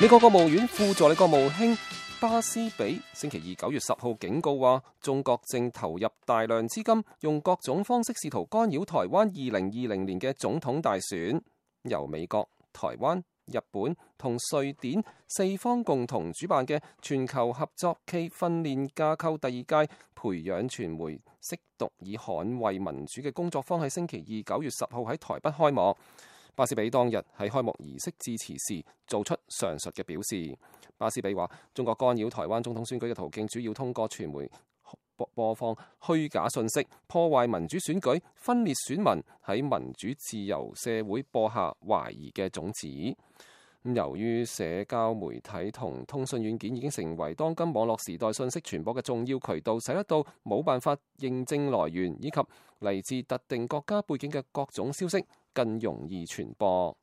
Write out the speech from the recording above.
美國國務院副助理國務卿巴斯比星期二九月十號警告話，中國正投入大量資金，用各種方式試圖干擾台灣二零二零年嘅總統大選。由美國、台灣、日本同瑞典四方共同主辦嘅全球合作暨訓練架構第二屆，培養傳媒識讀以捍衛民主嘅工作坊喺星期二九月十號喺台北開幕。巴斯比當日喺開幕儀式致辭時，做出上述嘅表示。巴斯比話，中國干擾台灣總統選舉嘅途徑，主要通過傳媒播播放虛假信息，破壞民主選舉，分裂選民，喺民主自由社會播下懷疑嘅種子。咁由於社交媒體同通訊軟件已經成為當今網絡時代信息傳播嘅重要渠道，使得到冇辦法認證來源以及嚟自特定國家背景嘅各種消息更容易傳播。